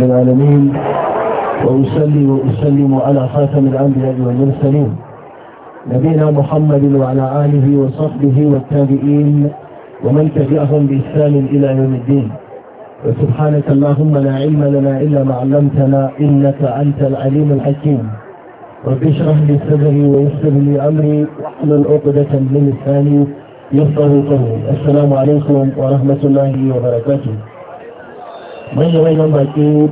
رب العالمين وأسلم وأسلم على خاتم الأنبياء والمرسلين نبينا محمد وعلى آله وصحبه والتابعين ومن تبعهم بإحسان إلى يوم الدين وسبحانك اللهم لا علم لنا إلا ما علمتنا إنك أنت العليم الحكيم رب اشرح لي صدري ويسر لي أمري واحلل عقدة من لساني يفقه قولي السلام عليكم ورحمة الله وبركاته manyan baƙi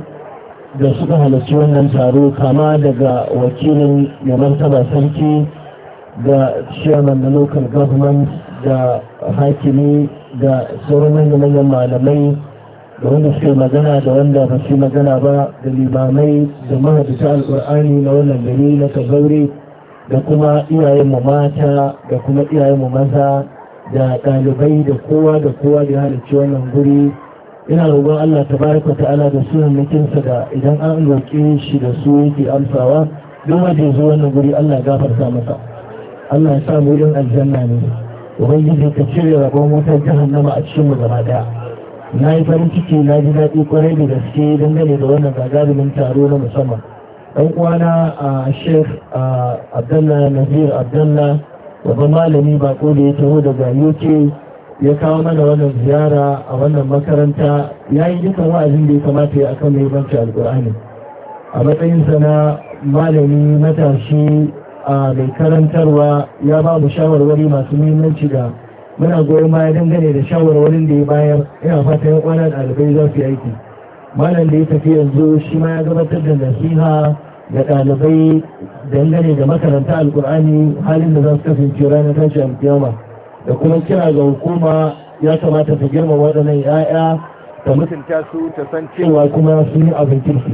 da suka halarci wannan taro kama daga wakilin mai sarki da chairman na local government da hakimi da sauran manyan malamai da wanda suke magana da wanda ba su magana ba da limamai da mahadisa alkur'ani na wannan gari na kazaure da kuma mu mata da kuma mu maza da ɗalibai da kowa da kowa da halarci wannan guri ina roƙon Allah ta ta'ala da sunan mutunsa da idan an roƙe shi da su yake amsawa duk wanda ya zo wannan guri Allah gafarta masa Allah ya sa mu aljanna ne ubangiji ka cire rabon wutar jahannama a cikin mu gaba daya na yi farin ciki na ji daɗi kwarai da gaske dangane da wannan gagarumin taro na musamman ɗan uwana a sheikh abdallah nazir abdallah babban malami bako da ya taho daga uk ya kawo mana wannan ziyara a wannan makaranta ya yi dukkan wa'azin da ya kamata ya akan muhimmanci alkur'ani a matsayinsa na malami matashi a mai karantarwa ya ba mu shawarwari masu muhimmanci da muna goyon baya dangane da shawarwarin da ya bayar ina fatan yan uwana ɗalibai za su yi aiki malam da ya tafi yanzu shi ma ya gabatar da nasiha ga ɗalibai dangane da makaranta alkur'ani halin da za su kasance ranar tashin alkiyama da kuma kira ga hukuma ya kamata ta girma waɗannan 'ya'ya ta mutunta su ta san cewa kuma su yi abin kirki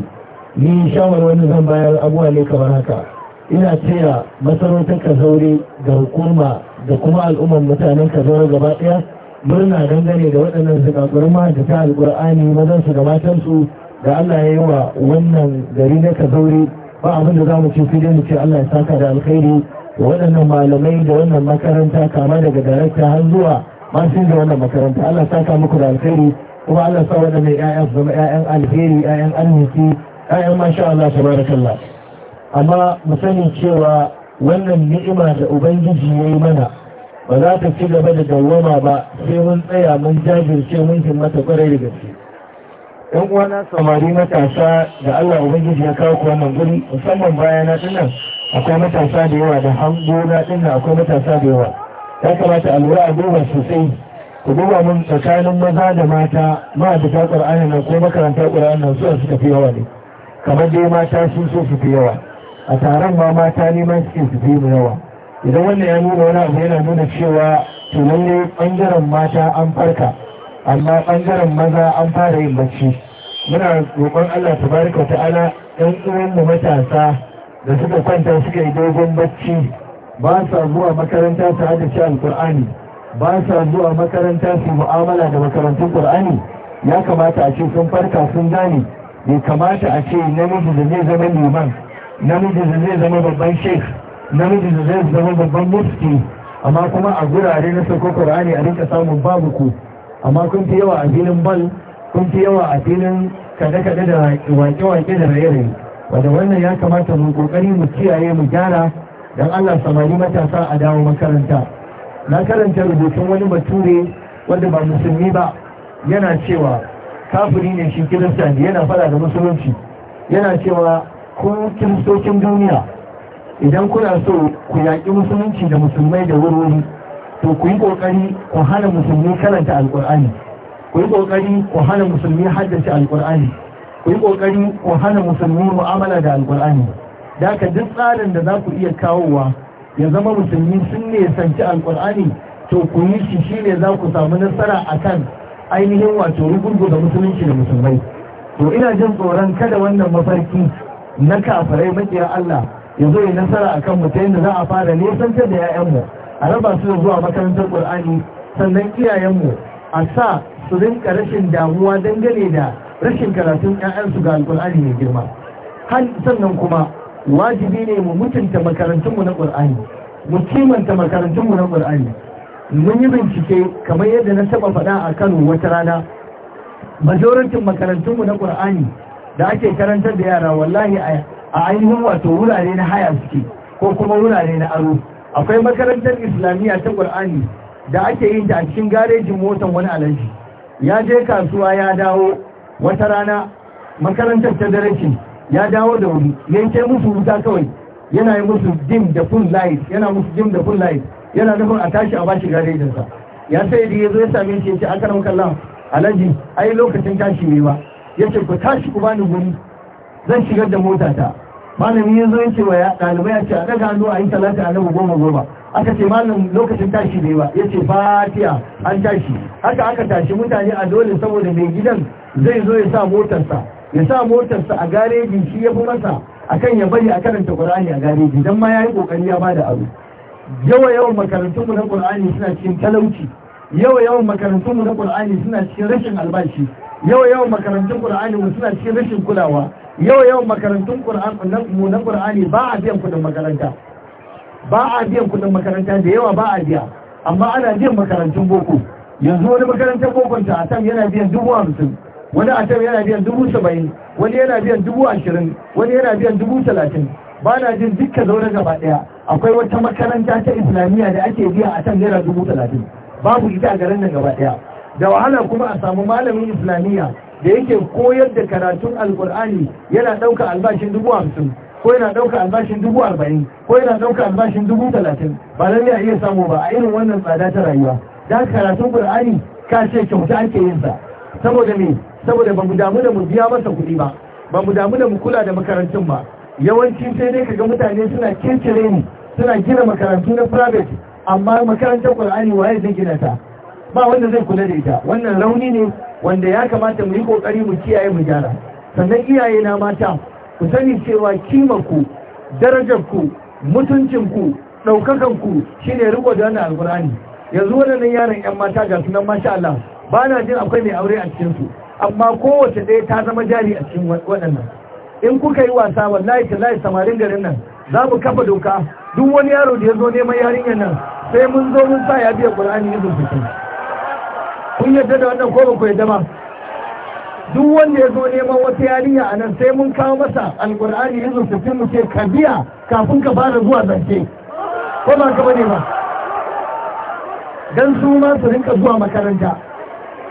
ni shawarwari zan bayar abuwa ne kamar haka ina cewa masarautar kazaure da hukuma da kuma al'ummar mutanen kazaure gaba ɗaya murna dangane da waɗannan da mahaifita alƙur'ani mazan su da matan su da Allah ya yi wa wannan gari na kazauri. ba abin da za mu ce sai dai mu ce Allah ya saka da alkhairi waɗannan malamai da wannan makaranta kama daga darakta har zuwa masu da wannan makaranta Allah ta ka muku da alheri kuma Allah sa waɗannan ƴaƴan su zama ƴaƴan alheri ƴaƴan arziki ƴaƴan masha Allah tabarakallah amma mu sani cewa wannan ni'ima da ubangiji ya yi mana ba za ta ci gaba da dawwama ba sai mun tsaya mun jajirce mun himmata kwarai da gaske yan uwana samari matasa da Allah ubangiji ya kawo ku wannan guri musamman bayana nan. akwai matasa da yawa da hangona na dinna akwai matasa da yawa ya kamata a lura a duba sosai ku duba mun tsakanin maza da mata ma da ta ƙur'ani nan ko makaranta ƙur'ani nan su suka fi yawa ne kamar dai mata sun so su fi yawa a taron ma mata neman suke su fi mu yawa idan wannan ya nuna wani abu yana nuna cewa to lallai bangaren mata an farka amma bangaren maza an fara yin bacci muna roƙon Allah tabaraka ta'ala ɗan uwan mu matasa da suka kwanta suka yi dogon bacci ba sa zuwa makaranta su haddace alkur'ani ba sa zuwa makaranta su mu'amala da makarantun qur'ani ya kamata a ce sun farka sun gane bai kamata a ce namiji da zai zama liman namiji da zai zama babban sheikh namiji da zai zama babban mufti amma kuma a gurare na sauko qur'ani a rinka samun babu ku amma kun fi yawa a filin bal kun fi yawa a filin kada-kada da wake-wake da raye-raye wanda wannan ya kamata mu kokari mu kiyaye mu gyara don allah samari matasa a dawo makaranta na karanta rubutun wani bature wanda ba musulmi ba yana cewa kafiri ne shi kirista ne yana fada da musulunci yana cewa ku kiristocin duniya idan kuna so ku yaƙi musulunci da musulmai da wurwuri to ku yi ƙoƙari ku hana musulmi karanta alƙur'ani ku yi ƙoƙari ku hana musulmi haddace alƙur'ani ku yi ƙoƙari ku hana musulmi mu'amala da alƙur'ani da ka duk tsarin da za ku iya kawowa ya zama musulmi sun ne sanci alƙur'ani to ku yi shi shi ne za ku samu nasara a kan ainihin wato rubutu da musulunci da musulmai to ina jin tsoron kada wannan mafarki na kafirai maƙiyar Allah ya zo ya nasara a kan ta yadda za a fara nesantar da 'ya'yanmu a raba su da zuwa makarantar ƙur'ani sannan iyayenmu a sa su rinka rashin damuwa dangane da rashin karatun 'ya'yansu ga alkur'ani mai girma sannan kuma wajibi ne mu mutunta makarantunmu na ƙur'ani mu kimanta makarantunmu na ƙur'ani mun yi bincike kamar yadda na taɓa faɗa a kano wata rana majorantin makarantunmu na ƙur'ani da ake karantar da yara wallahi a ainihin wato wurare na haya suke ko kuma wurare na aro akwai makarantar islamiyya ta ƙur'ani da ake yin ta a cikin garejin motan wani alaji ya je kasuwa ya dawo wata rana makarantar ta dare ya dawo da wuri yanke musu wuta kawai yana yi musu dim da full light yana musu dim da full light yana nufin a tashi a bashi garejinsa ya sai da ya zo ya same shi ya ce akaram kallon a yi lokacin tashi mai ba ya ce ku tashi ku bani guri zan shigar da motata malami ya zo ya ce wa ɗalibai ya ce a ɗaga hannu a yi talata a goma goma aka ce malam lokacin tashi bai ba yace Fatiya. an tashi haka aka tashi mutane a dole saboda mai gidan zai zo ya sa motarsa ya sa motarsa a gareji shi ya fi masa akan ya bari a karanta qur'ani a gareji dan ma yayi kokari ya bada abu yawa yawan makarantunmu na qur'ani suna cikin talauci yawa yawan makarantunmu na qur'ani suna cikin rashin albashi yawa yawan makarantun qur'ani mu suna cikin rashin kulawa yawa yawan makarantun qur'ani na qur'ani ba a biyan kudin makaranta ba a biyan kudin makaranta da yawa ba a biya amma ana biyan makarantun boko yanzu wani makarantar boko ta atam yana biyan dubu hamsin wani atam yana biyan dubu saba'in wani yana biyan dubu ashirin wani yana biyan dubu talatin ba na jin dukka zaune gaba ɗaya akwai wata makaranta ta islamiyya da ake biya atam naira dubu talatin babu ita a garin nan gaba ɗaya da wahala kuma a samu malamin islamiyya da yake koyar da karatun alkur'ani yana ɗauka albashin dubu hamsin ko yana ɗauka albashin dubu arba'in ko yana ɗauka albashin dubu talatin ba lalle a iya samu ba a irin wannan tsada ta rayuwa da karatun qur'ani ka ce kyauta ake yin sa saboda me saboda ba mu damu da mu biya masa kuɗi ba ba mu damu da mu kula da makarantun ba yawanci sai dai kaga mutane suna kirkire ni suna gina makarantu na private amma makarantar qur'ani waye zai gina ta ba wanda zai kula da ita wannan rauni ne wanda ya kamata mu yi kokari mu kiyaye mu gyara sannan iyaye na mata ku sani cewa kimanku darajarku mutuncinku ɗaukakanku shi ne riko da wannan alkur'ani yanzu waɗannan yaran 'yan mata ga sunan masha Allah ba na jin akwai mai aure a cikinsu amma kowace ɗaya ta zama jari a cikin waɗannan in kuka yi wasa wallahi lai samarin garin nan za mu kafa doka duk wani yaro da ya zo neman yarinyar nan sai mun zo mun sa ya biya ƙur'ani izin fitin kun yadda da wannan ko ba ku yadda ba duk wanda ya zo neman wata yarinya a nan sai mun kawo masa alkur'ani yanzu su fi mu ce ka biya kafin ka fara zuwa zance ko ba ka bane ba dan su ma su rinka zuwa makaranta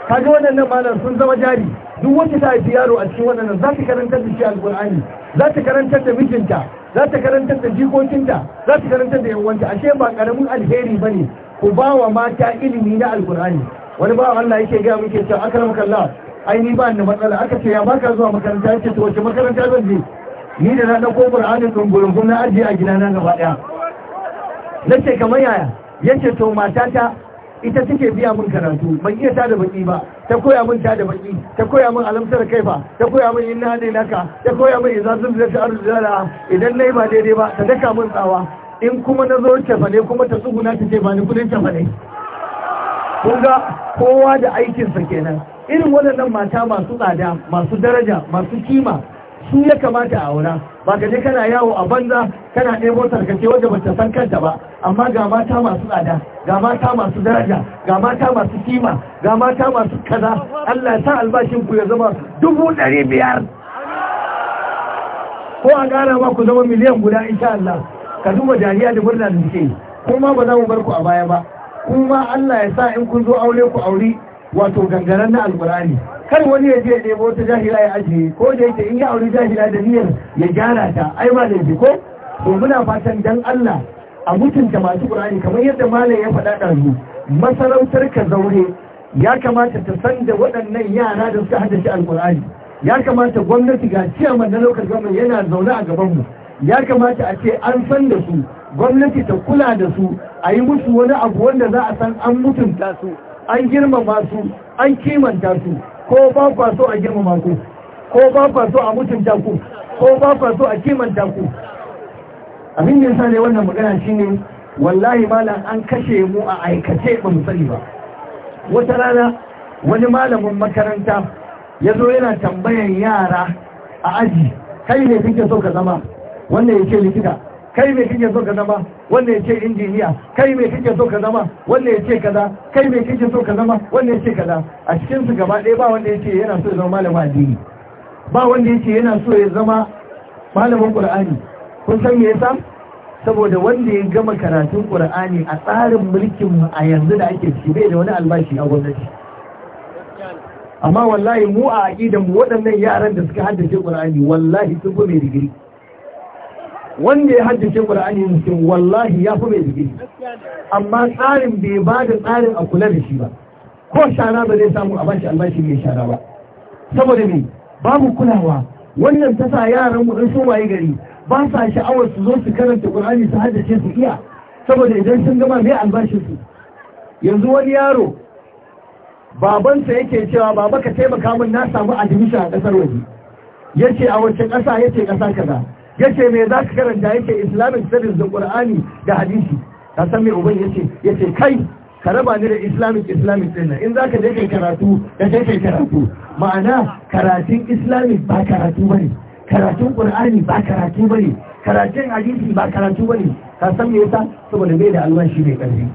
kaga waɗannan malam sun zama jari duk wata ta haifi yaro a cikin waɗannan za ta karantar da shi alkur'ani za ta karantar da mijinta za ta karantar da jikokinta za ta karantar da yawanta ashe ba karamin alheri ba ne ku ba wa mata ilimi na alkur'ani wani bawan Allah yake gaya muke cewa akramaka ai ni ba ni matsala aka ce ya baka zuwa makaranta ya ce to wace makaranta zan je ni da na ɗauko ƙur'anin ɗungurungun na ajiye a gidana gaba ɗaya na ce kamar yaya ya ce to matata ita take biya mun karatu ban iya tada baki ba ta koya mun tada baki ta koya mun alamsar kaifa ta koya min inna ne naka ta koya mun min idza da arzala idan nayi ba daidai ba ta daka mun tsawa in kuma na zo ta kuma ta tsuguna ta ce ba ni kudin ta kunga kowa da aikinsa kenan irin waɗannan mata masu tsada masu daraja masu kima su ya kamata a aura ba ka je kana yawo a banza kana ɗebo tarkace ce wajen ta san kanta ba amma ga mata masu tsada ga mata masu daraja ga mata masu kima ga mata masu kaza Allah ya sa albashin ku ya zama dubu ɗari biyar ko a gara ma ku zama miliyan guda insha Allah ka duba dariya da murna da suke kuma ba za mu bar ku a baya ba kuma Allah ya sa in kun zo aure ku aure wato gangaren na alkurani kar wani ya je ya nemo ta jahila ya ajiye ko da yake in ya aure jahila da niyyar ya gyara ta ai ma da ko to muna fatan dan Allah a mutunta masu qur'ani kamar yadda malam ya faɗa ɗazu masarautar ka zaure ya kamata ta san da waɗannan yara da suka haddace alkur'ani ya kamata gwamnati ga ciyaman na lokacin gwamnati yana zaune a gabanmu ya kamata a ce an san da su gwamnati ta kula da su a yi musu wani abu wanda za a san an mutunta su an girmama su an kimanta su ko ba kwa so a girmama ku ko ba kwa so a mutunta ku ko ba kwa so a kimanta ku abin da yasa ne wannan magana shine wallahi malam an kashe mu a aikace ba mu sani ba wata rana wani malamin makaranta ya zo yana tambayan yara a aji kai ne kake so ka zama wannan yake likita kai me kike so ka zama wanda ya ce injiniya kai me kike so ka zama wanda ya ce kaza kai me kike so ka zama wanda ya ce kaza a cikin su gaba ɗaya ba wanda ya ce yana so ya zama malamin addini ba wanda ya ce yana so ya zama malamin qur'ani kun san me yasa saboda wanda ya gama karatun qur'ani a tsarin mulkin mu a yanzu da ake ciki bai da wani albashi a gwamnati amma wallahi mu a aqidan mu waɗannan yaran da suka haddace qur'ani wallahi sun fi mai digiri wanda ya haddace ƙura'ani mutum wallahi ya fi mai jiki amma tsarin bai ba da tsarin a kula da shi ba ko shara ba zai samu a bashi albashi mai shara ba saboda me babu kulawa wannan ta sa yaran mu sun waye gari ba sa sha'awar su zo su karanta ƙura'ani su haddace su iya saboda idan sun gama mai albashin su yanzu wani yaro babansa yake cewa baba ka taimaka min na samu admission a kasar waje yace a wacce kasa yace kasa kaza yace me za ka karanta yake islamic studies da qur'ani da hadisi ka san me uban yace yace kai ka raba ni da islamic islamic din in za ka je karatu da kai kai karatu ma'ana karatun islamic ba karatu bane karatun qur'ani ba karatu bane karatun hadisi ba karatu bane ka san me yasa saboda bai da almashi mai karfi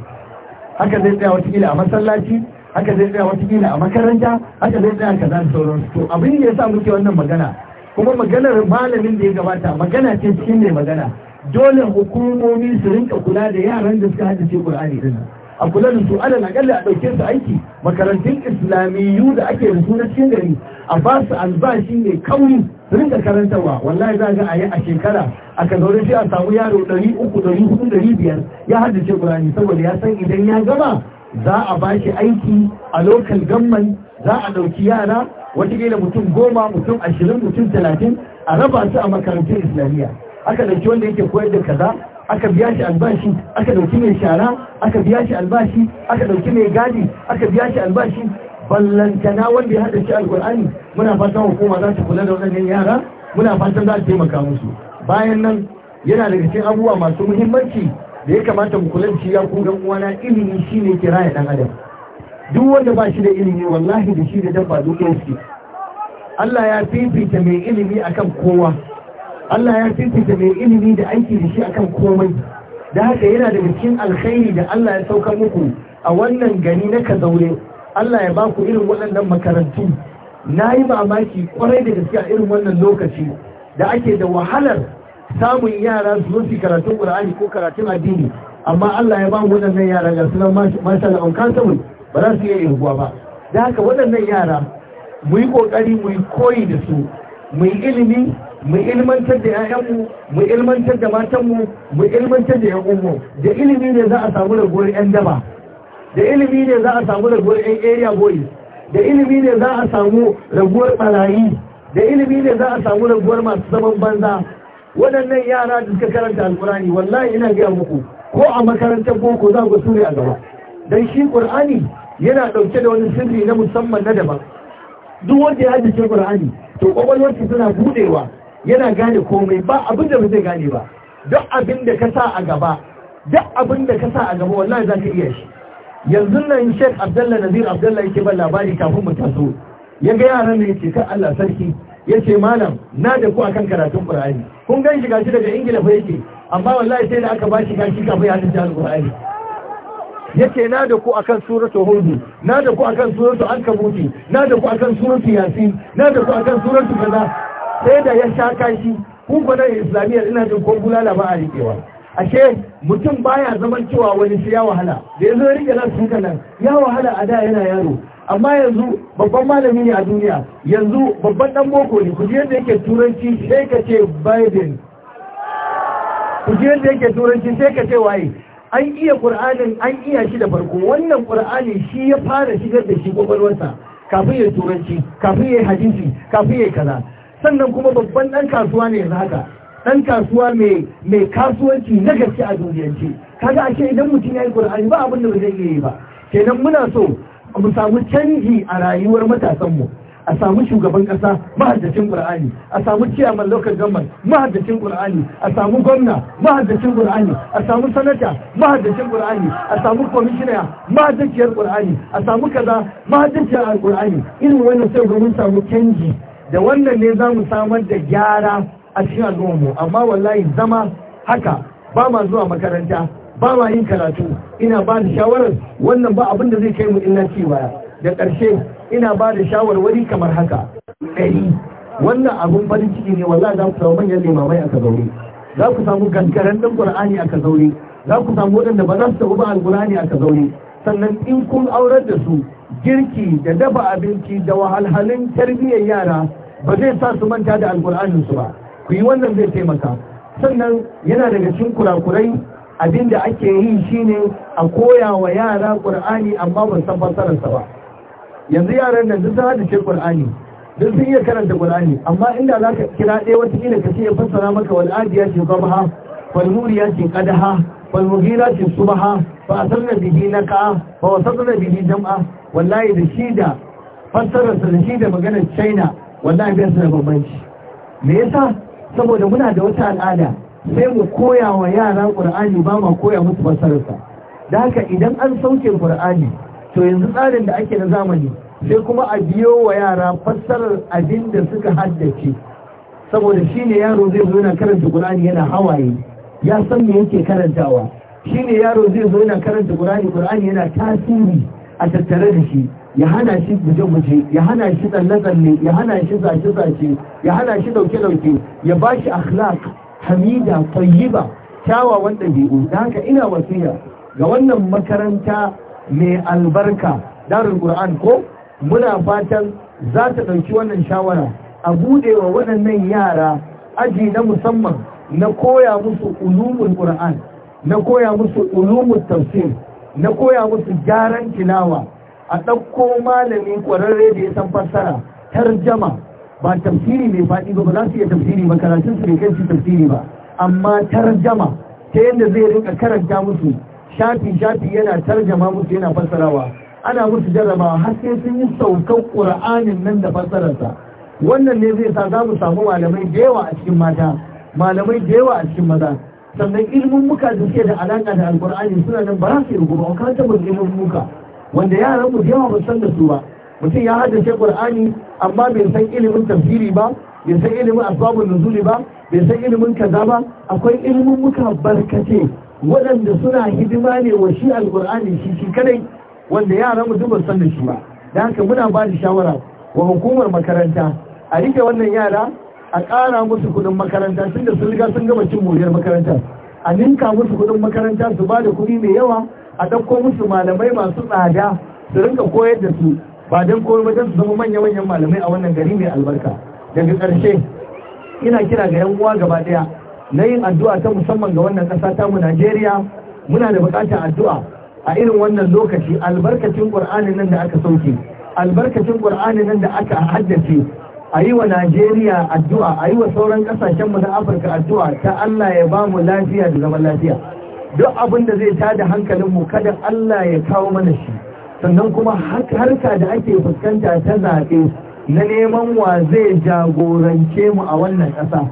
haka zai tsaya wata kila a masallaci haka zai tsaya wata kila a makaranta haka zai tsaya kaza da sauransu to abin da yasa muke wannan magana kuma maganar malamin da ya gabata magana ce cikin mai magana dole hukumomi su rinka kula da yaran da suka haddace Qur'ani din a kula da su alal akalla a dauke su aiki makarantun islamiyyu da ake da su na cikin gari a ba su albashi mai kauri su rinka karantarwa wallahi za ga a yi a shekara a kazaure shi a samu yaro ɗari uku ɗari hudu ɗari biyar ya haddace Qur'ani saboda ya san idan ya gama za a ba shi aiki a lokal gamman za a ɗauki yara wataƙila mutum goma mutum ashirin mutum talatin a raba su a makarantun islamiyya aka ɗauki wanda yake koyar da kaza aka biya shi albashi aka ɗauki mai shara aka biya shi albashi aka ɗauki mai gadi aka biya shi albashi ballantana wanda ya haɗa shi alƙur'ani muna fatan hukuma za ta kula da waɗannan yara muna fatan za ta taimaka musu bayan nan yana daga cikin abubuwa masu muhimmanci da ya kamata mu kula da shi ya ku uwana ilimi shine kiraya ɗan adam duk wanda ba shi da ilimi wallahi da shi da dabba duk shi Allah ya fifita mai ilimi akan kowa Allah ya fifita mai ilimi da aiki da shi akan komai da haka yana da cikin alkhairi da Allah ya sauka muku a wannan gani na kazaure Allah ya baku irin waɗannan makarantu na yi mamaki kwarai da gaske a irin wannan lokaci da ake da wahalar samun yara su zo su karatun ƙur'ani ko karatun addini amma Allah ya ba waɗannan yara ga sunan masha Allah ba za su iya irguwa ba da haka waɗannan yara mu yi ƙoƙari mu yi koyi da su mu yi ilimi mu ilmantar da 'ya'yanmu mu ilmantar da matanmu mu ilmantar da 'yan'unmu da ilimi ne za a samu raguwar 'yan daba da ilimi ne za a samu raguwar 'yan area boys da ilimi ne za a samu raguwar ɓarayi da ilimi ne za a samu raguwar masu zaman banza waɗannan yara da suka karanta alƙurani wallahi ina gaya muku ko a makarantar boko za ku su a gaba dan shi ƙur'ani yana ɗauke da wani sirri na musamman na daban duk wanda ya haddace ƙur'ani, to kwakwalwarsa tana buɗewa, yana gane komai ba abin da ba zai gane ba duk abin da ka sa a gaba duk abin da ka sa a gaba wallahi za ka iya shi yanzu nan shek abdalla Nazir abdalla yake ban labari kafin mu taso ya ga yaran ne yace kan Allah sarki ya ce malam na da ku akan karatun ƙur'ani. kun gan shi gashi daga Ingila fa yake amma wallahi sai da aka bashi gashi kafin ya haddace ƙurani yake na da ku akan suratu hudu na da ku akan suratu ankabuti na da ku akan suratu yasin na da ku akan suratu kaza sai da ya sha kashi ku da islamiyyar ina jin ko bulala ba a rikewa ashe mutum baya zaman cewa wani shi ya wahala da yanzu ya rike nan sun nan ya wahala a da yana yaro amma yanzu babban malami ne a duniya yanzu babban dan boko ne ku ji yadda yake turanci sai ka ce biden ku yadda yake turanci sai ka ce waye an iya ƙur'anin an iya shi da farko wannan ƙur'ani shi ya fara shigar da shi ƙwaƙwalwarsa kafin ya turanci kafin ya hadisi kafin ya kaza sannan kuma babban ɗan kasuwa ne yanzu haka ɗan kasuwa mai kasuwanci na gaske a duniyance kaga ashe idan mutum ya yi ƙur'ani ba abin da ba zai iya yi ba kenan muna so mu samu canji a rayuwar matasanmu a samu shugaban kasa mahaddacin qur'ani a samu ciyaman local government mahaddacin qur'ani a samu gwamna mahaddacin qur'ani a samu sanata mahaddacin qur'ani a samu commissioner mahaddaciyar ƙur'ani a samu kaza mahaddaciyar qur'ani irin wannan sai mun samu canji da wannan ne za mu samar da gyara a cikin al'ummu amma wallahi zama haka ba ma zuwa makaranta ba ma yin karatu ina ba da shawarar wannan ba abin da zai kai mu illa ci baya da ƙarshe ina ba da shawarwari kamar haka ɗari wannan abun farin ciki ne wallahi za ku samu manyan limamai a kazaure za ku samu gangaren ɗan qur'ani a kazaure za ku samu waɗanda ba za su tafi ba alqur'ani a kazaure sannan in kun aurar da su girki da dafa abinci da wahalhalun tarbiyyar yara ba zai sa su manta da alqur'anin su ba ku yi wannan zai taimaka sannan yana daga cikin kurakurai abinda ake yi shine a koya wa yara ƙur'ani, amma ban san fassararsa ba yanzu yaran nan duk da ce qur'ani duk sun iya karanta qur'ani amma inda za ka kira ɗaya wata kila ka ce ya fassara maka wal adiya ce gabaha wal muriya ce qadaha wal mugira ce subaha fa asarna bihi naka fa wasatna bihi jam'a wallahi da shi da fassara sa da shi da maganar china wallahi bai da bambanci me yasa saboda muna da wata al'ada sai mu koya wa yara qur'ani ba ma koya musu fassararsa da haka idan an sauke qur'ani to yanzu tsarin da ake na zamani sai kuma a biyo wa yara fassarar abin da suka haddace saboda shi ne yaro zai zo yana karanta ƙur'ani yana hawaye ya san me yake karantawa shi ne yaro zai zo yana karanta ƙur'ani ƙur'ani yana tasiri a tattare da shi ya hana shi guje-guje ya hana shi tsalle-tsalle ya hana shi zace-zace ya hana shi dauke-dauke ya ba shi akhlaq hamida tayyiba kyawawan ɗabi'u da haka ina wasiya ga wannan makaranta mai albarka darul qur'an ko muna fatan za ta ɗauki wannan shawara a buɗewa waɗannan yara aji na musamman na koya musu ulumul qur'an na koya musu ulumul tafsir na koya musu gyaran tilawa a ɗauko malami ƙwararre da ya san fassara tarjama ba tafsiri mai faɗi ba ba za su iya tafsiri ba karatun su bai kai su tafsiri ba amma tarjama ta yadda zai rinka karanta musu shafi shafi yana tarjama musu yana fassarawa ana musu jarrabawa har sai sun yi saukan ƙur'anin nan da fassararsa wannan ne zai sa za mu samu malamai da yawa a cikin mata malamai da yawa a cikin maza sannan ilimin muka da suke da alaƙa da alƙur'ani suna nan ba za su yi rubutu ba kan ilimin muka wanda yaran mu da yawa ba san da su ba mutum ya haddace qur'ani amma bai san ilimin tafsiri ba bai san ilimin asbabun nuzuli ba bai san ilimin kaza ba akwai ilimin muka barkace waɗanda suna hidima ne wa shi Alƙur'ani shi shi kadai wanda yara mu duk san da shi ba da haka muna ba da shawara wa hukumar makaranta a rike wannan yara a ƙara musu kuɗin makaranta tun da sun riga sun gama cin moriyar makaranta a ninka musu kuɗin makaranta su ba da kuɗi mai yawa a ɗauko musu malamai masu tsada su rinka koyar da su ba don koyar ba su zama manya-manyan malamai a wannan gari mai albarka daga ƙarshe ina kira ga yan uwa gaba ɗaya na yin addu'a ta musamman ga wannan ƙasa ta mu Najeriya muna da buƙatar addu'a a irin wannan lokaci albarkacin Ƙur'ani nan da aka sauke albarkacin Ƙur'ani nan da aka haddace a yi wa Najeriya addu'a a yi wa sauran ƙasashen mu na Afirka addu'a ta Allah ya ba mu lafiya da zaman lafiya duk abin da zai tada hankalin mu kada Allah ya kawo mana shi sannan kuma harka da ake fuskanta ta zaɓe na neman wa zai jagorance mu a wannan ƙasa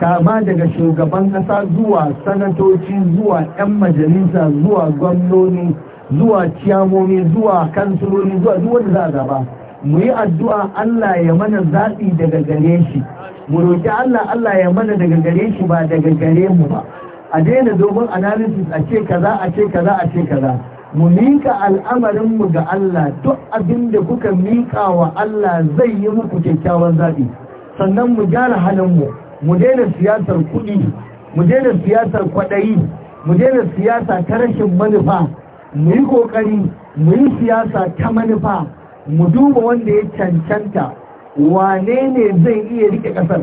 kama daga shugaban kasa zuwa sanatoci zuwa 'yan majalisa zuwa gwamnoni zuwa ciyamomi zuwa kansuloni zuwa duk wanda za a gaba mu yi addu'a Allah ya mana zaɓi daga gare shi mu roƙi Allah Allah ya mana daga gare shi ba daga gare mu ba a daina dogon analysis a ce kaza a ce kaza a ce kaza mu miƙa al'amarin mu ga Allah duk abin da kuka miƙa wa Allah zai yi muku kyakkyawan zaɓi sannan mu gyara halin mu mu daina siyasar kuɗi mu daina siyasar kwaɗayi mu daina siyasa ta rashin manufa mu yi ƙoƙari mu yi siyasa ta manufa mu duba wanda ya cancanta wane ne zai iya rike ƙasar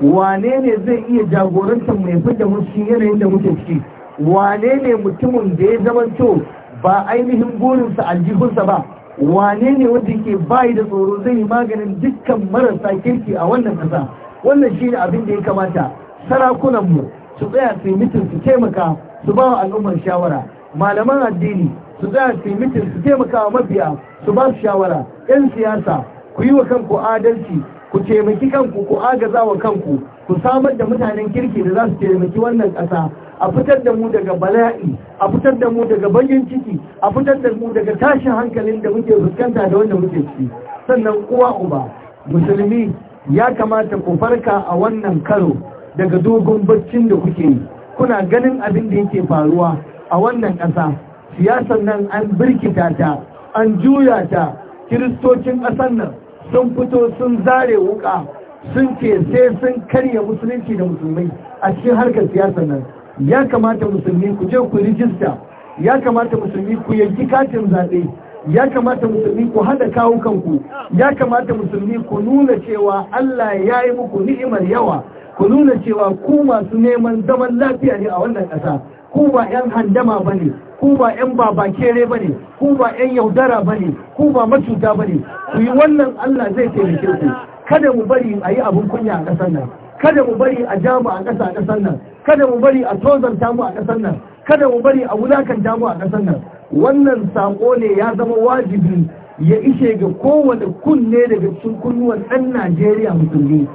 wane ne zai iya jagorantar mai fi da musu yanayin da muke ciki wane ne mutumin da ya zamanto ba ainihin burinsa aljihunsa ba wane ne wanda ke bayi da tsoro zai yi maganin dukkan marasa kirki a wannan ƙasa wannan shine abin da ya kamata sarakunanmu su tsaya su yi mitin su taimaka su ba wa al'ummar shawara malaman addini su tsaya su yi mitin su taimaka wa mabiya su ba su shawara yan siyasa ku yi wa kanku adalci ku taimaki kanku ku agaza wa kanku ku samar da mutanen kirki da za su taimaki wannan ƙasa a fitar da mu daga bala'i a fitar da mu daga bayan ciki a fitar da mu daga tashin hankalin da muke fuskanta da wanda muke ciki sannan uwa uba musulmi ya kamata ku farka a wannan karo daga dogon baccin da kuke yi kuna ganin abin da yake faruwa a wannan ƙasa siyasar nan an birkita ta an juya ta kiristocin ƙasar nan sun fito sun zare wuka sun ce sai sun karya musulunci da musulmai a cikin harkar siyasar nan ya kamata musulmi ku je ku rijista ya kamata musulmi ku yanki katin zaɓe ya kamata musulmi ku hada kawo kanku ya kamata musulmi ku nuna cewa Allah ya yi muku ni'imar yawa ku nuna cewa ku masu neman zaman lafiya ne a wannan ƙasa ku ba 'yan handama ba ne ku ba 'yan babakere ba ne ku ba 'yan yaudara ba ne ku ba macuta ba ne ku yi wannan Allah zai taimake ku kada mu bari a yi abin kunya a ƙasar nan kada mu bari a jamu a ƙasa a ƙasar nan kada mu bari a tozarta mu a ƙasar nan kada mu bari a wulakanta mu a ƙasar nan wannan saƙo ne ya zama wajibi ya ishe ga kowane kunne daga cikin kunnuwan ɗan Najeriya musulmi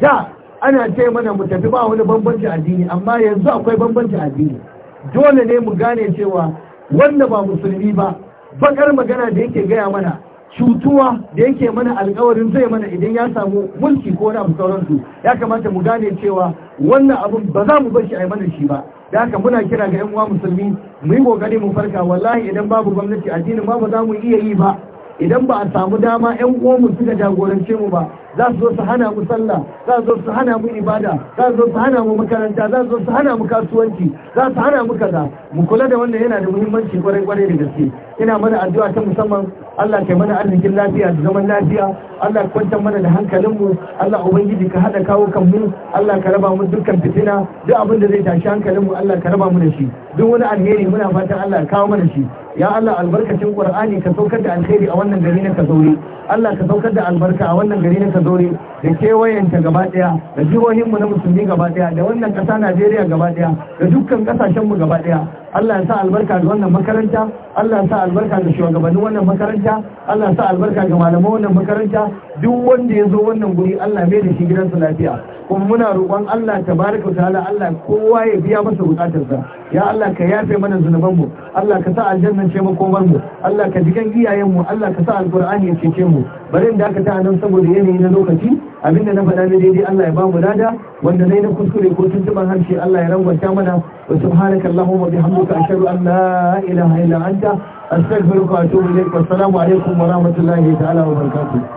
da ana ce mana mu tafi ba wani bambanci addini amma yanzu akwai bambanci addini dole ne mu gane cewa wanda ba musulmi ba bakar magana da yake gaya mana cutuwa da yake mana alkawarin zai mana idan ya samu mulki ko na sauransu ya kamata mu gane cewa wannan abun ba za mu bar shi a mana shi ba da haka muna kira ga 'yan uwa musulmi mu yi kokari mu farka wallahi idan babu gwamnati addinin ba ba za mu iya yi ba idan ba a samu dama 'yan uwanmu suka jagorance mu ba za su zo su hana mu sallah za su zo su hana mu ibada za su zo su hana mu makaranta za su zo su hana mu kasuwanci za su hana mu kaza mu kula da wannan yana da muhimmanci kwarai kwarai da gaske ina mana addu'a ta musamman Allah kai mana arzikin lafiya da zaman lafiya Allah kwantar mana da hankalinmu Allah ubangiji ka hada kawo kan mu Allah ka raba mu dukkan fitina duk abin da zai tashi hankalinmu Allah ka raba mu da shi duk wani alheri muna fatan Allah kawo mana shi ya Allah albarkacin Qur'ani ka saukar da alkhairi a wannan gari na zaure. Allah ka saukar da albarka a wannan gari na zaure. da kewayenta gaba daya da jihohin mu na musulmi gaba daya da wannan kasa Najeriya gaba daya da dukkan kasashen mu gaba daya Allah ya sa albarka ga wannan makaranta Allah ya sa albarka ga shugabannin wannan makaranta Allah ya sa albarka ga malamai wannan makaranta duk wanda ya zo wannan guri Allah mai da shi gidansa lafiya kuma muna roƙon Allah tabaraka ta'ala Allah kowa ya biya masa bukatarsa ya Allah ka yafe mana zunuban mu Allah ka sa aljanna ce makomar mu Allah ka jigan iyayen mu Allah ka sa alqur'ani ya cece mu bari da aka ta nan saboda yanayi na lokaci abinda na faɗa ne daidai Allah ya ba mu dada wanda nayi na kuskure ko tuntuban harshe Allah ya rangwanta mana wa subhanaka allahumma bihamdika ashhadu an la ilaha illa anta astaghfiruka wa atubu ilaik wa assalamu alaikum wa rahmatullahi ta'ala wa barakatuh